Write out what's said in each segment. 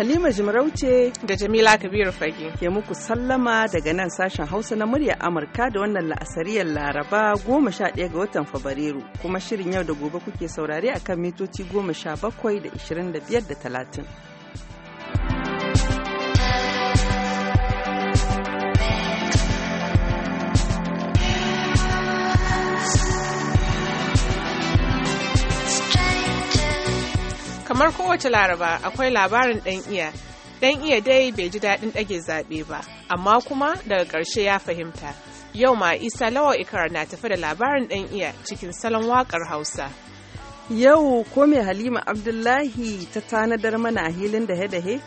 Halima Jimarauce da Jamila Kabiru Fage ke muku sallama daga nan sashen Hausa na muryar Amurka da wannan la'asariyar Laraba goma sha 11 ga watan Fabrairu kuma shirin yau da gobe kuke saurare akan mitoci goma sha bakwai da 25 da talatin. kamar kowace laraba akwai labarin ɗan iya Dan iya dai bai ji daɗin ɗage zaɓe ba amma kuma daga ƙarshe ya fahimta yau ma isa lawa ikar na tafi da labarin ɗan iya cikin salon waƙar hausa yau ko me halima abdullahi ta tanadar mana hilin dahe-dahe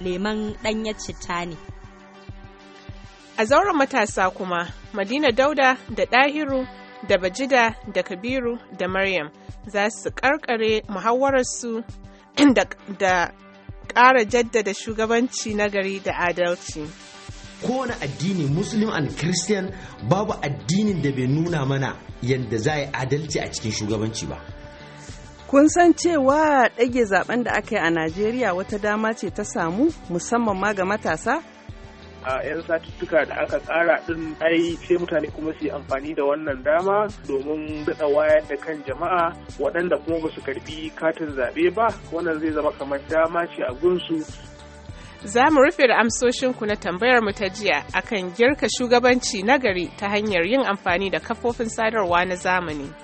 leman ya citta ne a zauren matasa kuma madina dauda da ɗahiru da Bajida da Kabiru da Maryam za su karkare muhawararsu da kara jaddada shugabanci nagari da adalci. kowane addini muslim and christian babu addinin da bai nuna mana yadda za yi adalci a cikin shugabanci ba kun san cewa ɗage zaben da aka yi a najeriya wata dama ce ta samu musamman ma ga matasa a 'yan satuttuka da aka ƙara ɗin ai sai mutane kuma su yi amfani da wannan dama domin daɗa wayar da kan jama'a waɗanda kuma ba su karɓi katin zaɓe ba wannan zai zama kamar dama ce a gunsu za mu rufe da amsoshinku na tambayar mu ta jiya akan girka shugabanci nagari ta hanyar yin amfani da kafofin sadarwa na zamani.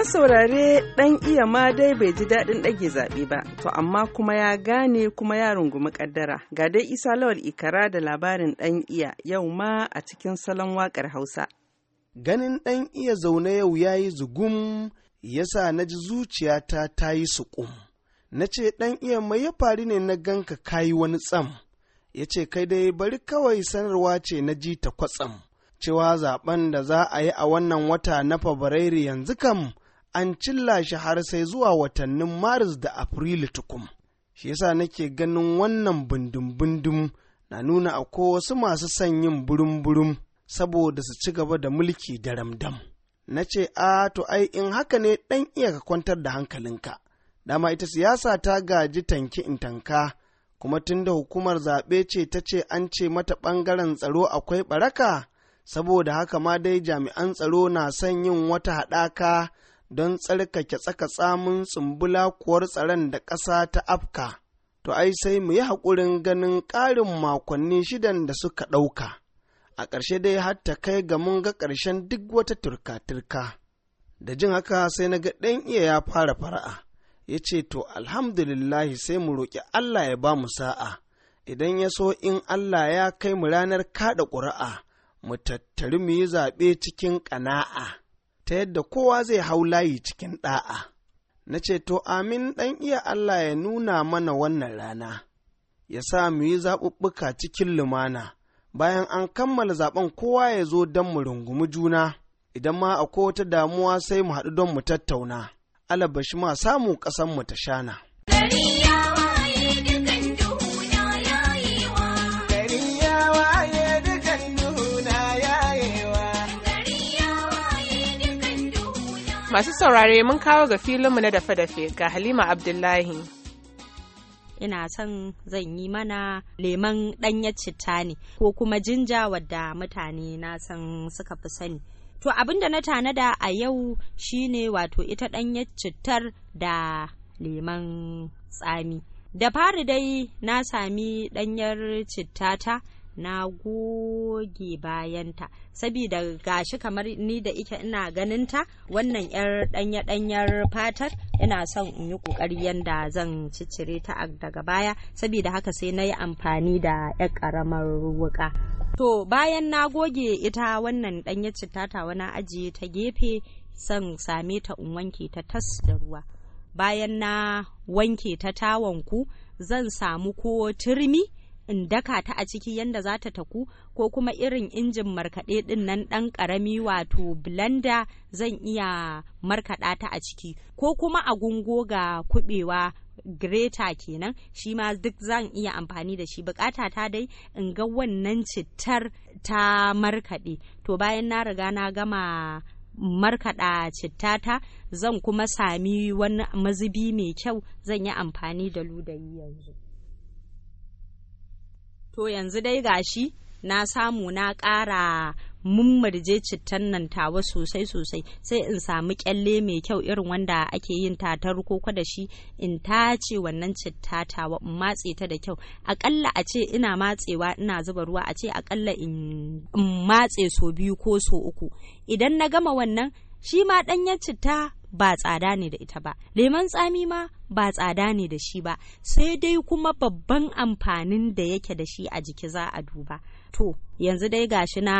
kamar saurare ɗan iya ma dai bai ji daɗin ɗage zaɓe ba, to amma kuma ya gane kuma ya rungumi ƙaddara. Ga dai Isa Lawal Ikara da labarin ɗan iya yau ma a cikin salon waƙar Hausa. Ganin ɗan iya zaune yau ya yi zugum, sa na ji zuciyata ta yi suƙum. Na ce ɗan iya mai ya faru ne na ganka yi wani tsam. Ya ce kai dai bari kawai sanarwa ce na ji ta kwatsam. cewa zaben da za a yi a wannan wata na Fabrairu yanzu kam an cilla shi har sai zuwa watannin maris da afrilu tukum shi yasa nake ganin wannan bindin-bindin na nuna akwai wasu masu son yin burum-burum saboda su ci gaba da mulki da ramdam na ce a to ai in haka ne ɗan iya kwantar da hankalinka dama ita siyasa ta gaji tanki in tanka kuma tun da hukumar zaɓe ce ta ce an ce mata ɓangaren tsaro akwai ɓaraka saboda haka ma dai jami'an tsaro na son yin wata haɗaka don tsarkake tsaka tsamin tsumbula kuwar tsaron da ƙasa ta afka, to ai sai mu yi haƙurin ganin ƙarin makonni shidan da suka ɗauka, a ƙarshe dai har ta kai ga mun ga ƙarshen duk wata turka-turka. Da jin haka sai na ga ɗan iya ya fara fara'a, ya ce to alhamdulillahi sai mu roƙi Allah ya ba mu sa'a, idan ya so in Allah ya kai mu ranar kaɗa ƙuri'a, mu tattari mu yi zaɓe cikin ƙana'a. ta yadda kowa zai hau layi cikin ɗa'a. Na ce, To, amin ɗan iya Allah ya nuna mana wannan rana, ya sa mu yi zaɓuɓɓuka cikin lumana, bayan an kammala zaɓen kowa ya zo don mu rungumi juna, idan ma akwai wata damuwa sai mu haɗu don mu tattauna, shi ma samu ƙasanmu ta shana. Masu saurare mun kawo ga filinmu na dafe-dafe ga Halima Abdullahi. Ina son zan yi mana leman ɗanyar citta ne ko kuma jinja wadda mutane na san suka fi sani. To abin da na tanada a yau shine wato ita ɗanyar cittar da leman tsami. Da fari dai na sami ɗanyar cittata na goge bayanta sabida gashi kamar ni da ike ina ganinta wannan yar danya-danyar fatar ina son in yi kokari yanda zan ciccire ta daga baya sabida haka sai na yi amfani da yar karamar wuka to bayan na goge ita wannan danya cittata na ajiye ta gefe son same ta in wanke ta tas da ruwa bayan na wanke ta tawanku zan samu ko turmi in daka ta a ciki yadda za ta taku ko kuma irin injin markaɗe ɗin nan ɗan ƙarami wato blender zan iya markaɗa ta a ciki ko kuma a gungo ga kuɓewa greta kenan shi ma duk zan iya amfani da shi bukata ta dai in ga wannan cittar ta markaɗe to bayan na riga na gama markaɗa cittata zan kuma sami wani mazubi mai kyau zan yi amfani da ludayi yanzu to yanzu dai gashi na samu na ƙara mummurje cittan nan tawa sosai sosai sai in samu kyalle mai kyau irin wanda ake yin tatar koko da shi in tace wannan citta tawa in matse ta da kyau akalla a ce ina matsewa ina zuba ruwa a ce akalla in matse so biyu ko so uku idan na gama wannan shi ma ɗanyen citta ba tsada ne da ita ba leman tsami ma ba tsada ne da shi ba sai dai kuma babban amfanin da yake da shi a jiki za a duba to yanzu dai gashi na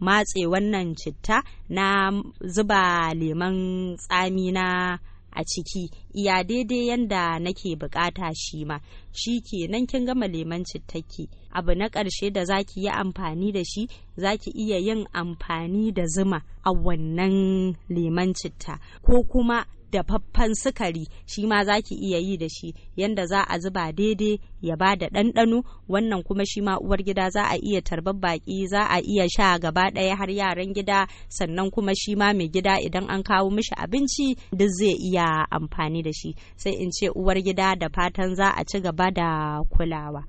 matse wannan citta na zuba leman tsami na a ciki iya daidai yanda nake bukata shi ma shi ke nan kin gama leman cittaki abu na ƙarshe da zaki yi amfani da shi zaki iya yin amfani da zuma a wannan leman citta ko kuma dafaffen sukari shi ma za ki iya yi da shi yanda za a zuba daidai ya ba da ɗanɗano wannan kuma shi ma uwar gida za a iya tarbar baƙi za a iya sha gaba ɗaya har yaran gida sannan kuma shi ma mai gida idan an kawo mishi abinci duk zai iya amfani da shi sai in ce uwar gida da fatan za a ci gaba da kulawa.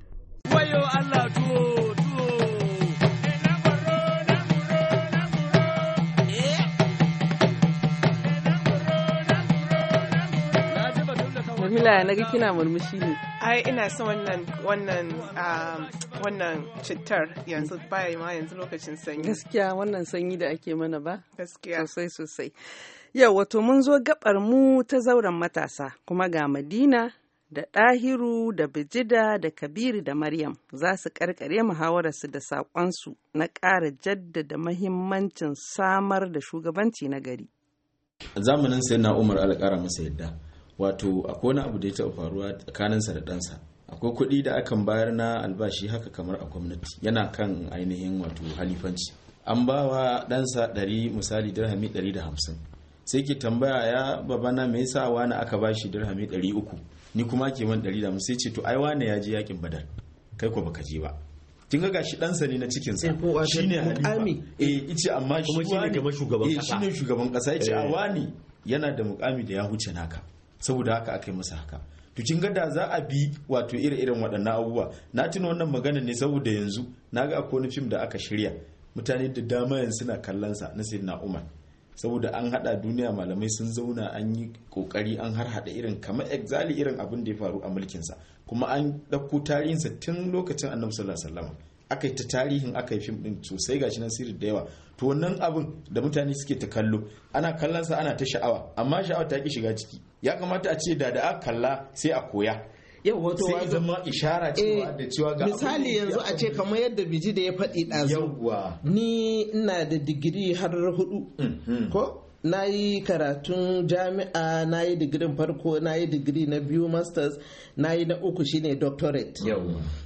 Allah kina na ga kina murmushi ne ai ina son wannan wannan um, wannan cittar yanzu baya ma yanzu lokacin sanyi gaskiya wannan sanyi da ake mana ba gaskiya sosai sosai yau wato mun zo gabar mu ta zauren matasa kuma ga madina da dahiru da bijida da kabiru da maryam za su karkare muhawararsu da saƙonsu na ƙara jaddada mahimmancin samar da shugabanci na gari zamanin sai na umar alƙara masa yadda wato akwai wani abu da ya taɓa faruwa tsakaninsa da ɗansa akwai kuɗi da akan bayar na albashi haka kamar a gwamnati yana kan ainihin wato halifanci an ba wa ɗansa ɗari misali dirhami ɗari da hamsin sai ke tambaya ya babana me yasa wani aka ba shi dirhami ɗari uku ni kuma ke man ɗari da hamsin sai ce to ai wani ya je yakin badar kai ko baka je ba kin ga gashi ɗansa ne na cikin sa eh, shine halifa eh ice amma shi eh, ne shugaban kasa shine shugaban kasa yace a eh. wani yana da mukami da ya huce naka saboda haka aka yi masa haka to kin ga da za a bi wato iri irin waɗannan abubuwa na tuna wannan magana ne saboda yanzu na ga akwai wani fim da aka shirya mutane da dama yanzu suna kallon sa na sayyidina umar saboda an hada duniya malamai sun zauna an yi kokari an har hada irin kamar exali irin abin da ya faru a mulkin sa kuma an ɗauko tarihinsa tun lokacin annabi sallallahu alaihi wasallam aka ta tarihin aka yi fim din sosai gashi nan sirri da yawa to wannan abin da mutane suke ta kallo ana kallon sa ana ta sha'awa amma sha'awa ta ki shiga ciki ya kamata a ce da da aka kalla sai a koya yau wato sai zama ishara cewa eh, da cewa ga misali yanzu a ce kamar yadda biji da ya faɗi ɗazu ni ina da digiri har hudu mm-hmm. ko na yi karatun jami'a na yi digirin farko na yi digiri na biyu masters na yi na uku shine doctorate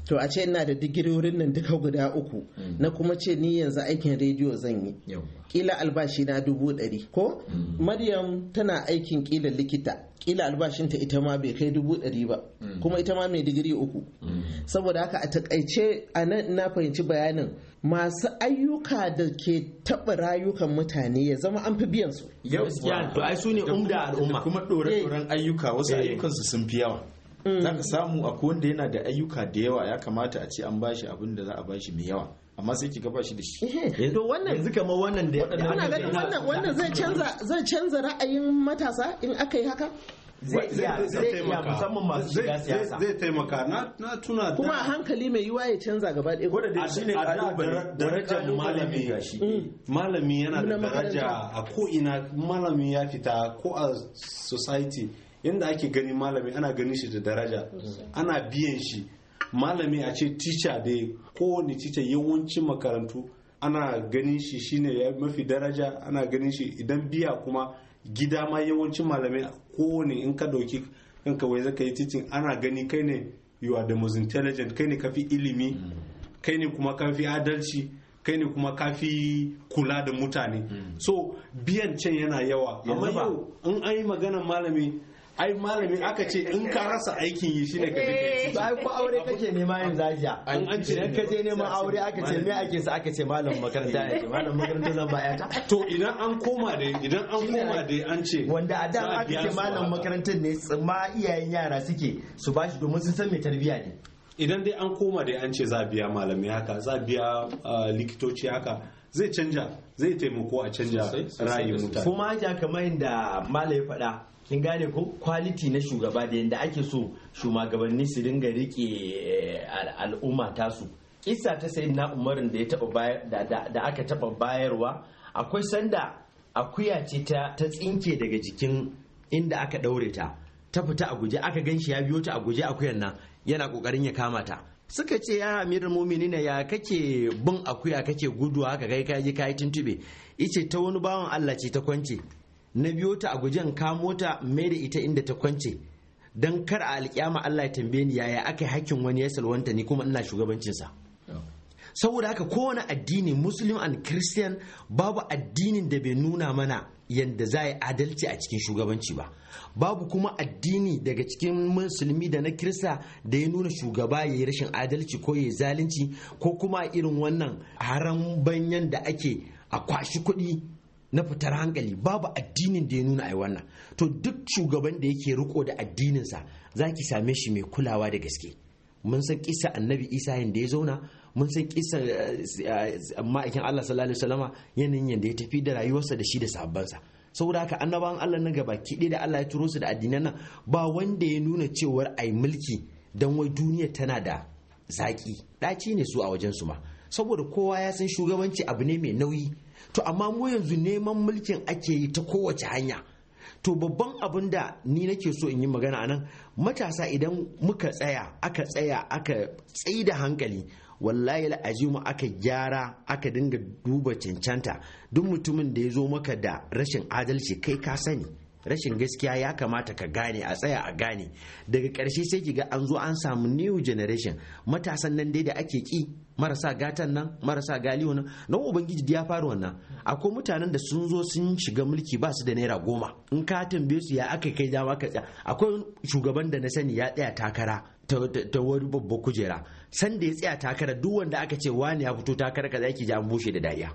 to a ce ina da digirorin nan duka guda uku mm. na kuma ce ni yanzu aikin rediyo zan yi kila albashi na dubu ɗari ko mm. maryam tana aikin kila likita kila albashinta ita ma bai kai dubu ɗari ba mm. kuma ita ma mai digiri uku mm. saboda haka a takaice a nan na fahimci bayanin masu ayyuka da ke taɓa rayukan mutane ya zama an fi biyan su to ai su ne umda al'umma kuma ɗore-ɗoren eh. ayyuka wasu eh. ayyukansu sun fi yawa mm. Zaka samu a wanda yana da ayyuka da yawa ya kamata a ce an bashi abin da za a bashi mai yawa amma sai ki gaba shi da shi to wannan yanzu kamar wannan da ana ganin wannan wannan zai canza zai canza ra'ayin matasa in aka yi haka zai iya musamman masu shiga siyasa zai taimaka na tuna kuma a hankali mai yiwa ya canza gaba ɗaya ko da dai shine darajar malami mm. malami yana da daraja a ko ina malami ya fita ko a society inda ake gani malami ana ganin shi da daraja ana biyan shi malami a ce tica da kowane tica yawancin makarantu ana ganin shi shine mafi daraja ana ganin shi idan biya kuma gida ma yawancin malamai kowane in ka dauki kanka wai zaka yi titin ana gani kai ne you are the most intelligent kai ne kafi ilimi mm. kai ne kuma kafi adalci kai ne kuma kafi kula da mutane mm. so biyan can yana yawa amma yau in an yi maganar malami ai malami aka ce in ka rasa aikin yi shine ka fi eh. to ai ko aure kake nema yin zajiya an ce ka je nema aure aka ce me ake sa aka ce malam makaranta ne malam makaranta zan ba yata to idan an koma da idan an koma da an ce wanda a da aka ce malam makarantar ne tsima iyayen yara suke su bashi domin sun san me tarbiyya ne idan dai an koma da an ce za biya malami haka za biya likitoci haka zai canja zai taimako a canja rayuwar mutane kuma haka kamar inda malai faɗa kin gane ko kwaliti na shugaba da yadda ake so shugabanni su dinga rike eh, al'umma tasu kisa ta sayi na umarin da aka taba bayarwa akwai sanda akuya ce ta tsinke daga jikin inda aka daure ta ta fita a guje aka gan shi ya biyo ta a guje akuyan nan yana kokarin ya kama ta suka ce ya amirul mu'minin ya kake bin akuya kake guduwa ka kai kaji kai tuntube ice ta wani bawan Allah ce ta kwance na biyo ta a gujen kamo ta mai da ita inda ta kwance don kar a alƙiyama Allah ya tambaye ni yaya aka yi hakkin wani ya salwanta ni kuma ina shugabancinsa oh. saboda haka kowane addini muslim and christian babu addinin da bai nuna mana yadda za a yi adalci a cikin shugabanci ba babu kuma addini daga cikin musulmi da na kirista da ya nuna shugaba ya yi rashin adalci ko ya yi zalunci ko kuma irin wannan haram banyan da ake a kwashi kuɗi na fitar hankali babu addinin da ya nuna a wannan to duk shugaban da yake riko da addininsa za ki same shi mai kulawa da gaske mun san kisa annabi isa yadda ya zauna mun san kisa eh, ma'aikin allah sallallahu alaihi yanayin yadda ya tafi da rayuwarsa da shi da sabonsa. saboda haka annabawan allah na gaba kiɗe da allah ya turo su da addinan nan ba wanda ya nuna cewar ai mulki don wai duniya tana da zaki ɗaci ne su a wajen su ma saboda kowa ya san shugabanci abu ne mai nauyi to amma mu yanzu neman mulkin ake yi ta kowace hanya to babban abin da ni nake so in yi magana anan matasa idan muka tsaya aka tsaya aka tsayi da hankali wallahi la'azimu aka gyara aka dinga duba cancanta duk mutumin da ya zo maka da rashin adalci kai ka sani rashin gaskiya ya kamata ka gane a tsaya a gane daga karshe sai ki ga an zo an samu new generation matasan nan dai da ake ki marasa gatan nan marasa galiyo nan nan ubangiji ya fara wannan akwai mutanen da sun zo sun shiga mulki ba su da naira goma in ka tambaye su ya aka kai dama ka tsaya akwai shugaban da na sani ya tsaya takara ta wani babba kujera san da ya tsaya takara duk wanda aka ce wani ya fito takara ka zaki ji an bushe da dariya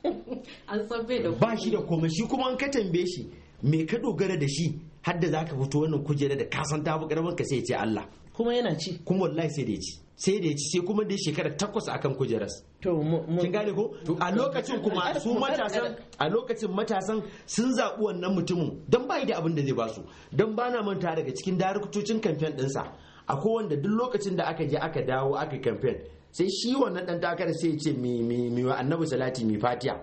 ba shi da komai shi kuma an ka tambaye shi me ka dogara da shi har da zaka fito wannan kujera da ka san ta bu ka sai ce Allah kuma yana ci kuma wallahi sai da ci sai da ci sai kuma da shekara takwas akan kujeras to kin gane ko a lokacin kuma su matasan a lokacin matasan sun zaɓi wannan mutumin dan bai da abin da zai basu dan bana manta daga cikin daraktocin kamfen sa akwai wanda duk lokacin da aka je aka dawo aka kamfen sai shi wannan dan takarar sai ya ce mi mi mi annabi salati mi fatiha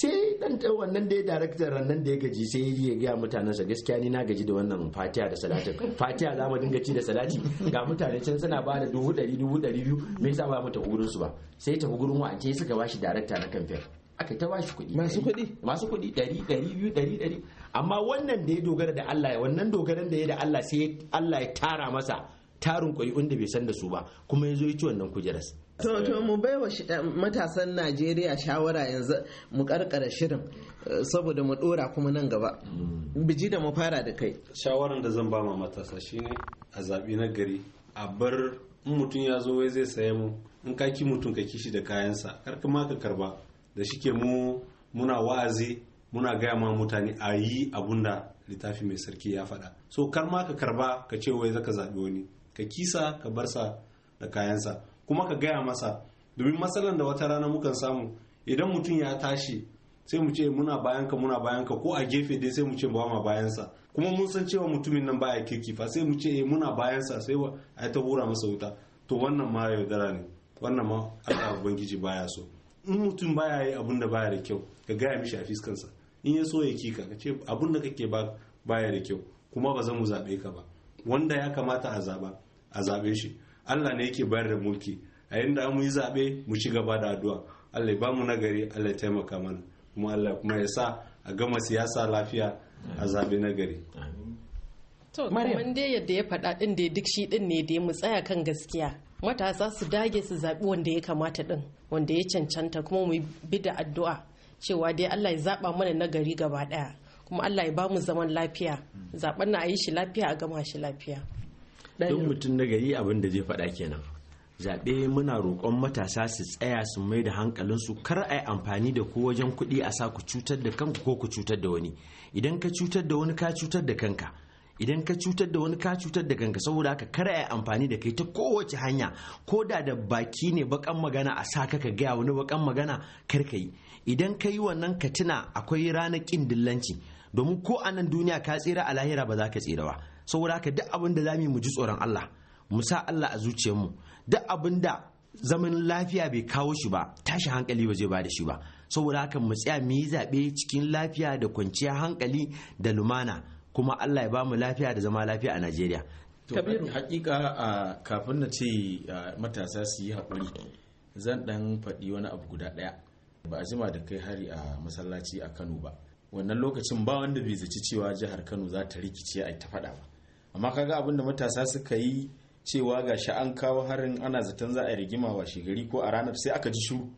sai dan wannan da ya darakta rannan da ya gaji sai ya mutanen sa, gaskiya ni na gaji da wannan fatiya da salati fatiya za mu dinga ci da salati ga mutane can suna ba da dubu dari, dubu dari biyu me yasa ba mu ta gurin su ba sai tafi gurin ce suka bashi darakta na kamfen aka ta bashi kuɗi masu kuɗi masu kuɗi dari, dari biyu dari, dari. amma wannan da ya dogara da Allah wannan dogaran da ya da Allah sai Allah ya tara masa tarin ƙuri'un da bai san da su ba kuma ya zo ya ci wannan kujeras To to mu bai wa eh, matasan Najeriya shawara yanzu mu karkara shirin eh, saboda mu dora kuma nan gaba. Mm. Biji da mu fara da kai. Shawaran da zan ba ma matasa shine a zabi na gari a bar in mutum ya zo wai zai saye mu in ka ki mutum ka kishi da kayansa kar ma ka karba da shike mu muna wa'azi muna gaya ma mutane a yi abun da littafi mai sarki ya faɗa so kar ma ka karba ka ce wai zaka zaɓi wani ka kisa ka barsa da kayansa kuma ka gaya masa domin matsalan da wata rana mukan samu idan mutum ya tashi sai mu ce muna bayanka muna bayanka ko a gefe dai sai mu ce ba ma bayansa kuma mun san cewa mutumin nan baya kirki fa sai mu ce eh muna bayansa sai a ta hura masa wuta to wannan ma yaudara ne wannan ma Allah ubangiji baya so in mutum baya yi abun da baya da kyau ka gaya mishi a fiskansa in ya so ya kika ka ce abun da kake ba baya da kyau kuma ba zan mu zabe ka ba wanda ya kamata a zaba a zabe shi Allah ne yake bayar da mulki a yadda mu yi zaɓe mu ci gaba da addu'a Allah ya bamu nagari Allah ya taimaka mana kuma Allah kuma ya sa a gama siyasa lafiya a zaɓe nagari kuma dai yadda ya faɗa ɗin da duk shi ɗin ne da mu tsaya kan gaskiya matasa su dage su zaɓi wanda ya kamata ɗin wanda ya cancanta kuma mu bi da addu'a cewa dai Allah ya zaɓa mana nagari gaba ɗaya kuma Allah ya ba mu zaman lafiya mm. zaɓen na a yi shi lafiya a gama shi lafiya duk mutum na gari abin da zai faɗa kenan zaɓe muna roƙon matasa su tsaya su mai da hankalinsu kar a yi amfani da ku wajen kuɗi a sa ku cutar da kanku ko ku cutar da wani idan ka cutar da wani ka cutar da kanka idan ka cutar da wani ka cutar da kanka saboda haka kar a yi amfani da kai ta kowace hanya ko da da baki ne bakan magana a sa ka gaya wani bakan magana kar ka yi idan ka yi wannan ka tuna akwai ranar ƙin dillanci domin ko a nan duniya ka tsira a lahira ba za ka tsira ba saboda haka duk abin da zamu mu ji tsoron Allah mu sa Allah a zuciyarmu duk abin da zaman lafiya bai kawo shi ba tashi hankali ba zai ba da shi ba saboda haka mu tsaya mu yi zaɓe cikin lafiya da kwanciya, hankali da lumana kuma Allah ya bamu lafiya da zama lafiya a Najeriya. Kabiru hakika kafin na ce matasa su yi haƙuri zan ɗan faɗi wani abu guda ɗaya ba a jima da kai hari a masallaci a Kano ba wannan lokacin ba wanda bai zaci cewa jihar Kano za ta rikice a ta faɗa ba amma kaga abin da matasa suka yi cewa gashi an kawo harin ana zaton za a rigima wa shigari ko a ranar sai aka ji shiru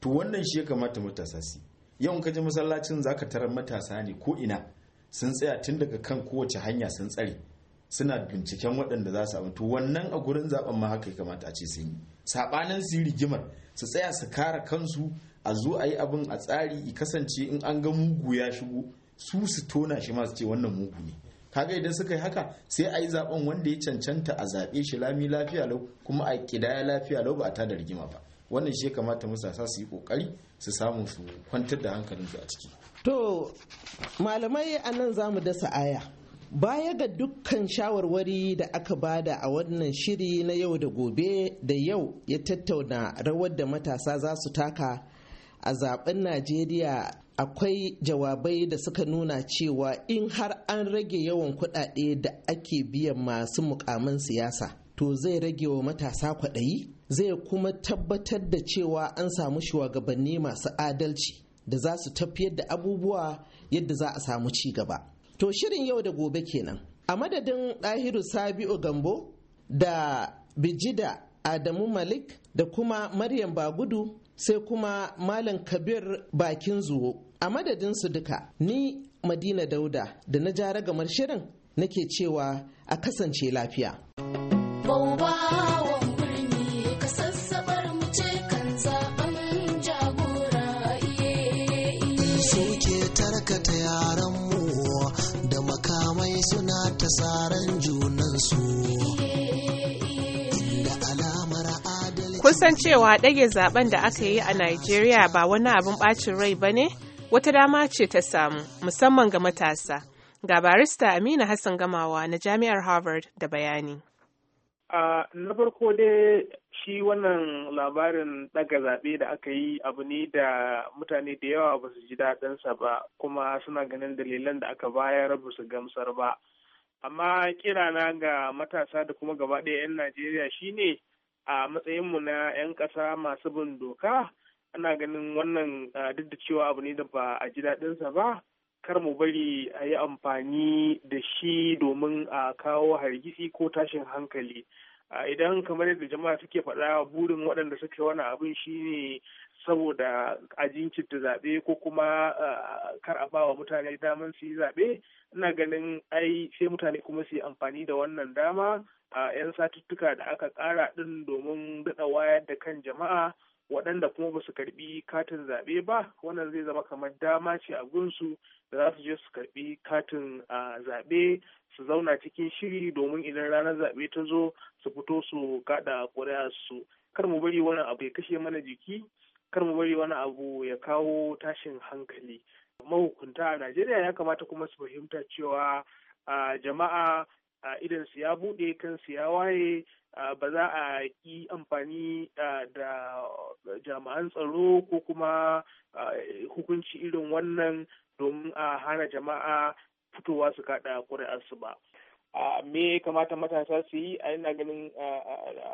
to wannan shi ya kamata matasa su yau ka ji masallacin ka tarar matasa ne ko ina sun tsaya tun daga kan kowace hanya sun tsare suna binciken waɗanda za su abu to wannan a gurin zaben ma haka ya kamata a ce sun yi saɓanin su rigimar su tsaya su kare kansu a zo a yi abin a tsari kasance in an ga mugu ya shigo su su tona shi masu ce wannan mugu ne kaga idan suka yi haka sai a yi zaben wanda ya cancanta a zaɓe shi lami lafiya lau kuma a kidaya lafiya lau ba a tada rigima ba wannan shi kamata matasa su yi kokari su samu su kwantar da su a ciki to malamai a nan za mu dasa aya baya ga dukkan shawarwari da aka bada a wannan shiri na yau da gobe da yau ya tattauna rawar da matasa za su taka a zaben najeriya akwai jawabai da suka nuna cewa in har an rage yawan kudade da ake biyan masu mukamin siyasa to zai rage wa matasa kwaɗayi zai kuma tabbatar da cewa an samu shugabanni masu adalci da za su tafiyar da abubuwa yadda za a samu ci gaba to shirin yau da gobe kenan a madadin ɗahiru sabi'u gambo da bijida adamu malik da kuma maryam bagudu sai kuma Malam Kabir bakin zuwo. A madadinsu duka, ni Madina Dauda da na ja ragamar shirin nake cewa a kasance lafiya. san cewa ɗage zaben da aka yi a Najeriya ba wani abin ɓacin rai ba ne, wata dama ce ta samu, musamman ga matasa. Ga barista Amina Hassan Gamawa na Jami'ar Harvard da bayani. Uh, na farko dai shi wannan labarin ɗaga zaɓe da aka yi abu ne da mutane da yawa ba su ji daɗinsa ba kuma suna ganin dalilan da aka bayar ba su gamsar ba amma kirana ga matasa da kuma gaba ɗaya 'yan najeriya shine a matsayinmu na 'yan ƙasa masu bin doka ana ganin wannan duk da cewa abu ne da ba a ji daɗinsa ba kar mu bari a yi amfani da shi domin a kawo hargitsi ko tashin hankali idan kamar yadda jama'a suke faɗa burin waɗanda suke wani abin shine saboda a jinkirta zaɓe ko kuma kar a ba wa mutane damar su yi zaɓe ina ganin ai sai mutane kuma su yi amfani da wannan dama a 'yan satuttuka da aka ƙara ɗin domin daɗa wayar da kan jama'a waɗanda kuma ba su karbi katin zaɓe ba wannan zai zama kamar dama ce a gunsu da za su je su karɓi katin zaɓe su zauna cikin shiri domin idan ranar zaɓe ta zo su fito su kaɗa ƙuri'a su kar mu bari wani abu ya kashe mana jiki kar mu bari wani abu ya kawo tashin hankali mahukunta a najeriya ya kamata kuma su fahimta cewa jama'a idan su ya bude kan su ya waye ba za a yi amfani da jami'an tsaro ko kuma hukunci irin wannan domin a hana jama'a fitowa su kaɗa ƙuri'arsu ba. a me kamata matasa su yi a ina ganin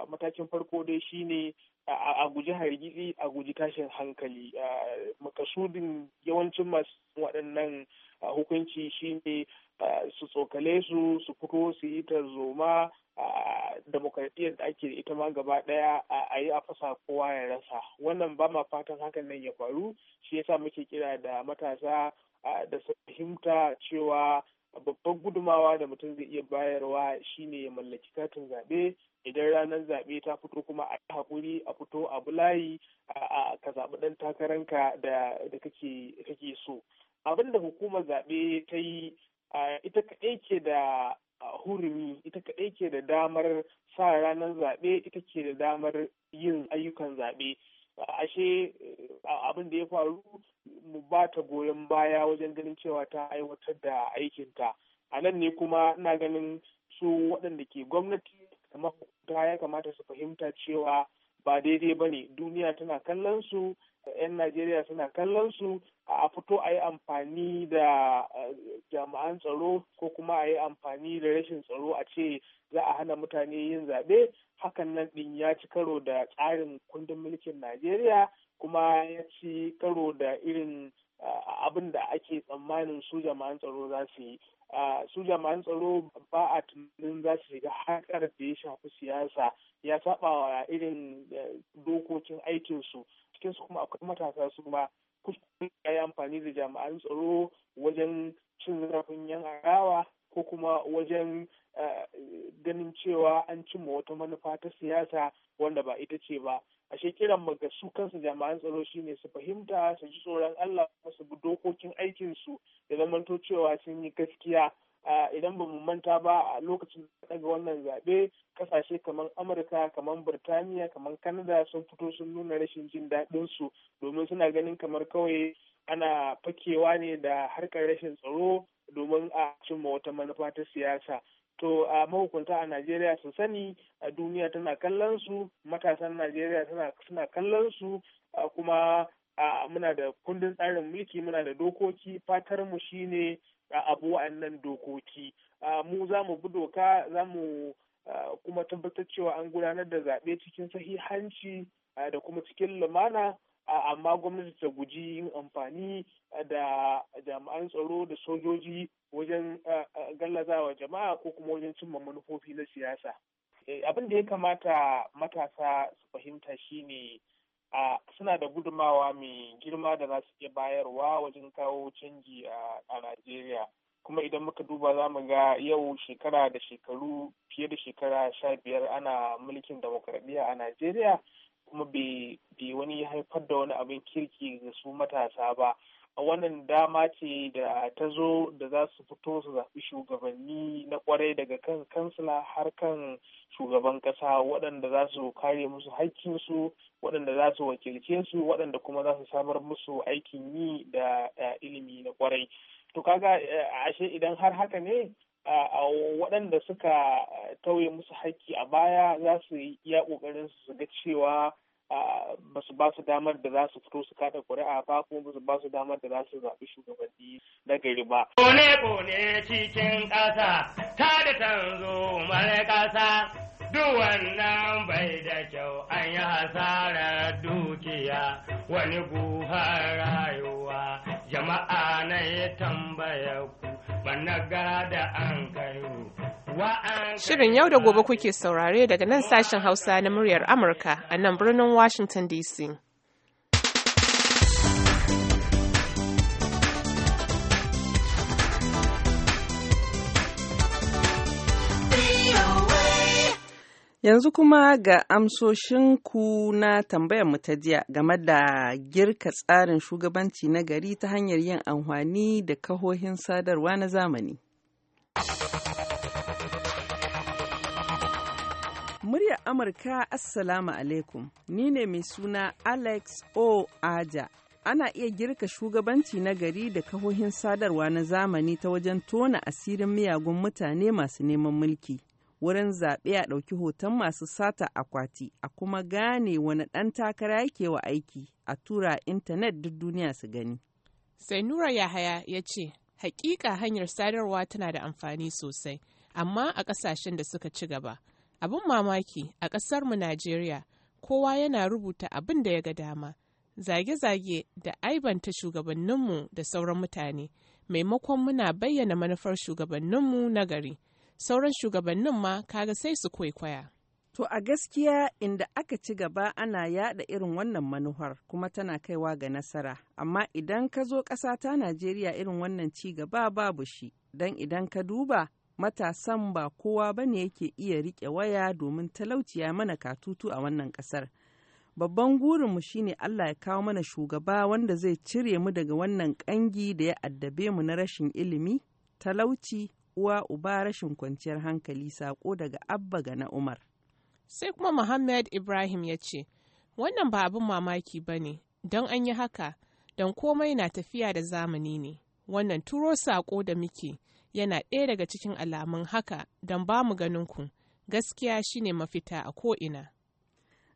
matakin farko dai shine a guji hargitsi a guji tashin hankali makasudin yawancin masu waɗannan hukunci shine su tsokale su su fito su yi tarzoma demokradiyyar da ake ita ma gaba daya a yi a fasa kowa ya rasa wannan ba ma fatan hakan nan ya faru shi yasa muke kira da matasa da su fahimta cewa babban gudumawa da mutum zai iya bayarwa shine ya mallaki katin zaɓe idan ranar zaɓe ta fito kuma a yi haƙuri a fito a bulayi ka zaɓi ɗan takaranka da kake so abin da hukumar zaɓe ta yi ita kaɗai ke da hurumi ita kaɗai ke da damar sa ranar zaɓe ita ke da damar yin ayyukan zaɓe ashe abin da ya faru mu ba ta goyon baya wajen ganin cewa ta aiwatar da aikinta a nan ne kuma ina ganin su waɗanda ke gwamnati da ya kamata su fahimta cewa ba daidai ba ne duniya tana kallon su 'yan najeriya suna kallon su a fito a yi amfani da eh, jami'an tsaro ko kuma a yi amfani da rashin tsaro a ce za a hana mutane yin zaɓe hakan nan ɗin ya ci karo da tsarin kundin mulkin najeriya kuma ya ci karo da irin eh, abin da ake tsammanin su jama'an tsaro za su yi ah, su jama'an tsaro ba a tunanin za su shiga harkar da ya shafi siyasa ya saba wa irin eh, dokokin aikinsu cikin su kuma akwai matasa su ma kuskure ya yi amfani da jami'an tsaro wajen cin zarafin yan arawa ko kuma wajen eh, ganin cewa an cimma wata manufa ta siyasa wanda ba ita ce ba ashe kiran ga su kansu jami'an tsaro shine su fahimta su ji tsoron Allah su bi dokokin aikin su da zamanto cewa sun yi gaskiya idan ba mu manta ba a lokacin daga wannan zaɓe ƙasashe kamar amurka kamar birtaniya kamar kanada sun fito sun nuna rashin jin daɗinsu domin suna ganin kamar kawai ana fakewa ne da harkar rashin tsaro domin a cimma wata manufa ta siyasa to a mahukunta a najeriya su sani a duniya tana kallon su matasan najeriya suna kallon su kuma muna da kundin tsarin mulki muna da dokoki fatar mu shine abu wa'annan dokoki mu za mu bi doka za mu kuma tabbatar cewa an gudanar da zaɓe cikin sahihanci da kuma cikin lumana amma gwamnati ta guji yin amfani da jami'an tsaro da sojoji wajen gallazawa jama'a ko kuma wajen cimma manufofi na siyasa eh, abin da ya kamata matasa su fahimta shine a suna da gudumawa mai girma da za su iya bayarwa wajen kawo canji a Najeriya. Kuma idan muka duba za mu ga yau shekara da shekaru fiye da shekara sha biyar ana mulkin demokradiyya a Najeriya kuma bai wani haifar da wani abin kirki ga su matasa ba. a wannan dama ce da ta zo da za su fito su zaɓi shugabanni na kwarai daga kan kansila har kan shugaban ƙasa waɗanda za su kare musu haƙƙinsu waɗanda za su wakilce su waɗanda kuma za su samar musu aikin yi da ilimi na kwarai to kaga eh, ashe idan har haka ne waɗanda suka eh, tauye musu haƙƙi a baya za su yi iya ƙoƙarin su ga cewa ba su ba su damar da za su fito su kada ƙuri'a ba kuma ba su ba su damar da za su zaɓi shugabanni na gari ba. Kone kone cikin ƙasa ta da tanzo mara ƙasa wannan bai da kyau an yi hasarar dukiya wani guha rayuwa jama'a na yi tambaya ku banaga gada an kayo Shirin yau da gobe kuke saurare daga nan sashen Hausa na muryar Amurka a nan birnin Washington DC. Yanzu kuma ga amsoshinku na tambayar mu ta jiya game da girka tsarin shugabanci na gari ta hanyar yin amfani da kahohin sadarwa na zamani. Muryar Amurka Assalamu alaikum, ni ne mai suna Alex O. Aja. Ana iya girka shugabanci na gari da kahohin sadarwa na zamani ta wajen tona asirin miyagun mutane masu neman mulki. wurin zaɓe a ɗauki hoton masu sata akwati a kuma gane wani ɗan takara yake wa aiki a tura intanet duk duniya su gani. sai nura yahaya ya ce hakika hanyar sadarwa tana da amfani sosai amma a ƙasashen da suka ci gaba abin mamaki a ƙasarmu najeriya kowa yana rubuta abin da ya ga dama zage-zage da aibanta shugabanninmu da sauran mutane maimakon muna bayyana manufar shugabanninmu na gari. sauran shugabannin ma kaga sai su kwaikwaya. To a gaskiya inda aka ci gaba ana yada irin wannan manuhar kuma tana kaiwa ga nasara, amma idan ka zo ƙasa ta Najeriya irin wannan ci gaba babu shi, don idan ka duba matasan ba kowa ba ne yake iya riƙe waya domin talauciya mana katutu a wannan ƙasar. Babban gurinmu shine Allah ya kawo mana shugaba wanda zai cire mu daga wannan ƙangi da ya addabe mu na rashin ilimi, talauci uwa uba rashin kwanciyar hankali sako daga abba ga na umar sai kuma muhammad ibrahim ya ce wannan ba abin mamaki ba ne don an yi haka don komai na tafiya da zamani ne wannan turo sako da muke yana ɗaya daga cikin alamun haka don ba mu ganin ku gaskiya shine mafita a ko'ina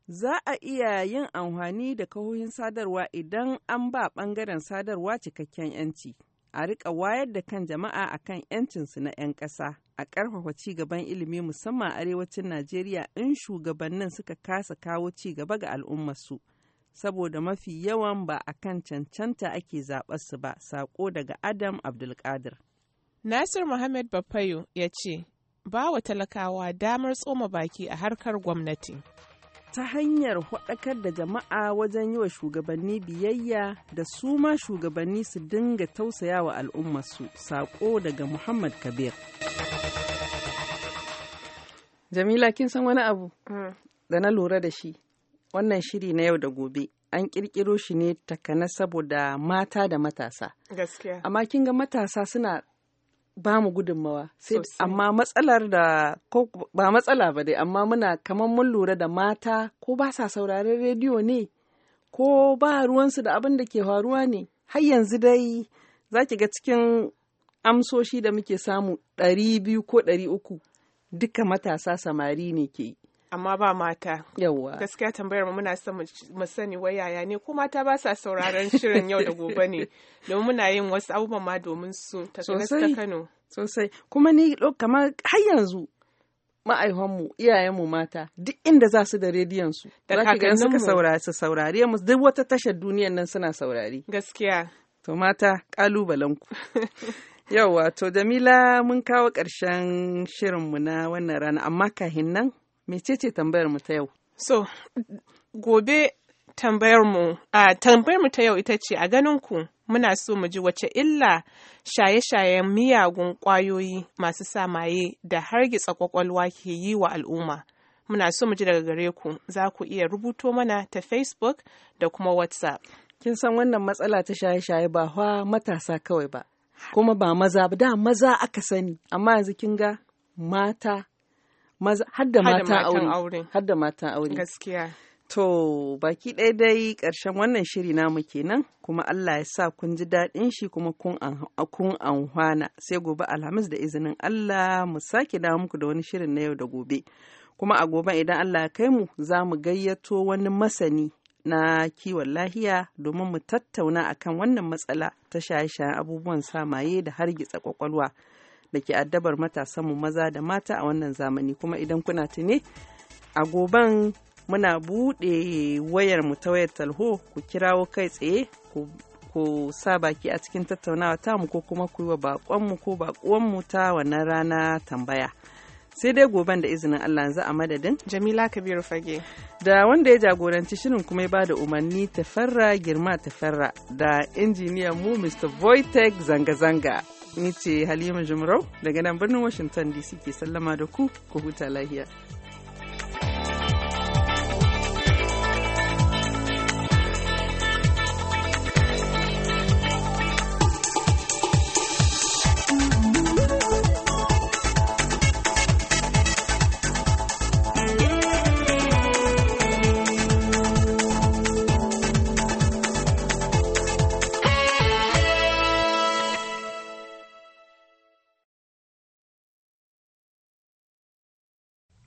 za a iya yin amfani da kahohin sadarwa idan an ba ɓangaren sadarwa cikakken 'yanci a riƙa wayar da kan jama'a a akan 'yancinsu na 'yan ƙasa a ƙarfafa ci gaban ilimi musamman arewacin najeriya in shugabannin suka kasa kawo ci gaba ga al'ummarsu saboda mafi yawan ba a kan cancanta ake su ba saƙo daga adam abdulkadir nasir muhammad bafayo ya ce ba wa talakawa damar tsoma baki a harkar gwamnati ta hanyar haɗakar da jama'a wajen yi wa shugabanni biyayya da su ma shugabanni su dinga tausaya wa al'ummarsu saƙo daga muhammad kabir jamila kin san wani abu hmm. da na lura da shi wannan shiri na yau da gobe an kirkiro shi ne takana saboda mata da matasa gaskiya amma kin ga matasa suna ba mu gudunmawa amma matsalar da ko ba matsala ba dai amma muna kamar mun lura da mata ko ba sa sauraron rediyo ne ko ba ruwansu da abin da ke faruwa ne har yanzu dai za ki ga cikin amsoshi da muke samu ɗari biyu ko ɗari uku duka matasa samari ne ke yi amma ba mata. Yawwa. Gaskiya tambayar mu muna son mu sani wai yaya ne ko mata ba sa sauraron shirin yau da gobe ne domin muna yin wasu abubuwan ma domin su ta Kano. Sosai kuma ni kamar har yanzu iyayen iyayenmu mata duk inda za su da rediyon su da kakannin suka saurari su saurare mu duk wata tashar duniyan nan suna saurari gaskiya to mata kalubalen ku yau to jamila mun kawo ƙarshen shirinmu na wannan rana amma kahin nan mecece tambayar mu ta yau so gobe tambayar mu a tambayar ta yau ita ce a ganin ku muna so mu ji wace illa shaye-shayen miyagun kwayoyi masu samaye da hargitsa kwakwalwa ke yi wa al'umma muna so mu ji daga gare ku za ku iya rubuto mana ta facebook da kuma whatsapp kin san wannan matsala ta shaye-shaye ba wa matasa kawai ba kuma ba maza ba da maza aka sani amma yanzu kin ga mata har da matan aure har da matan aure gaskiya To baki ɗaya dai ƙarshen wannan shiri namu kenan kuma Allah ya sa kun ji daɗin shi kuma kun hwana sai gobe Alhamis da izinin Allah mu sake dawo muku da wani shirin na yau da gobe. Kuma a gobe idan Allah ya kai mu za mu gayyato wani masani na kiwon lahiya domin mu tattauna akan wannan matsala ta shaye-shayen abubuwan samaye da hargitsa kwakwalwa. da ke addabar matasan mu maza da mata a wannan zamani kuma idan kuna tuni a goban muna buɗe wayar mu ta wayar talho ku kirawo kai tsaye ku sa baki a cikin tattaunawa tamu ko kuma ku yi wa mu ko mu ta wannan rana tambaya. sai dai goben da izinin Allah yanzu a madadin Jamila Kabiru Fage da wanda ya jagoranci shirin kuma ya ba da umarni farra girma ta farra da injiniyan mu Mr. Voitech zanga-zanga ni ce halima jumrau daga nan birnin washington dc ke sallama da ku ku huta lahiya